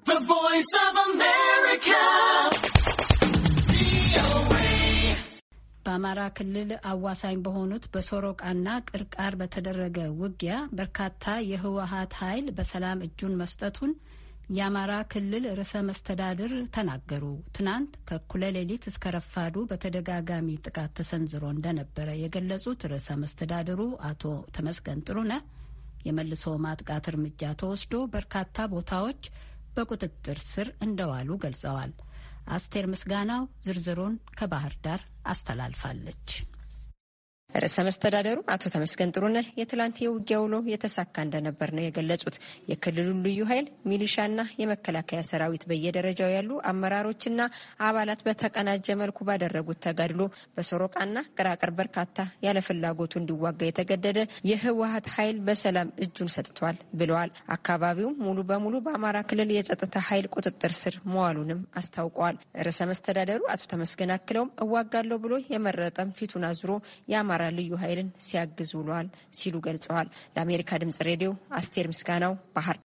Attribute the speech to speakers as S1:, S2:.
S1: The Voice of America. በአማራ ክልል አዋሳኝ በሆኑት በሶሮቃና ቅርቃር በተደረገ ውጊያ በርካታ የህወሀት ኃይል በሰላም እጁን መስጠቱን የአማራ ክልል ርዕሰ መስተዳድር ተናገሩ። ትናንት ከእኩለ ሌሊት እስከ ረፋዱ በተደጋጋሚ ጥቃት ተሰንዝሮ እንደነበረ የገለጹት ርዕሰ መስተዳድሩ አቶ ተመስገን ጥሩነህ የመልሶ ማጥቃት እርምጃ ተወስዶ በርካታ ቦታዎች በቁጥጥር ስር እንደዋሉ ገልጸዋል። አስቴር ምስጋናው ዝርዝሩን ከባህር
S2: ዳር አስተላልፋለች። ርዕሰ መስተዳደሩ አቶ ተመስገን ጥሩነህ የትላንት የውጊያ ውሎ የተሳካ እንደነበር ነው የገለጹት። የክልሉ ልዩ ኃይል ሚሊሻና የመከላከያ ሰራዊት በየደረጃው ያሉ አመራሮችና አባላት በተቀናጀ መልኩ ባደረጉት ተጋድሎ በሶሮቃና ቅራቅር በርካታ ያለ ፍላጎቱ እንዲዋጋ የተገደደ የህወሀት ኃይል በሰላም እጁን ሰጥቷል ብለዋል። አካባቢውም ሙሉ በሙሉ በአማራ ክልል የጸጥታ ኃይል ቁጥጥር ስር መዋሉንም አስታውቀዋል። ርዕሰ መስተዳደሩ አቶ ተመስገን አክለውም እዋጋለሁ ብሎ የመረጠም ፊቱን አዙሮ የአማራ የአማራ ልዩ ኃይልን ሲያግዝ ውሏል ሲሉ ገልጸዋል። ለአሜሪካ ድምጽ ሬዲዮ አስቴር ምስጋናው ባህር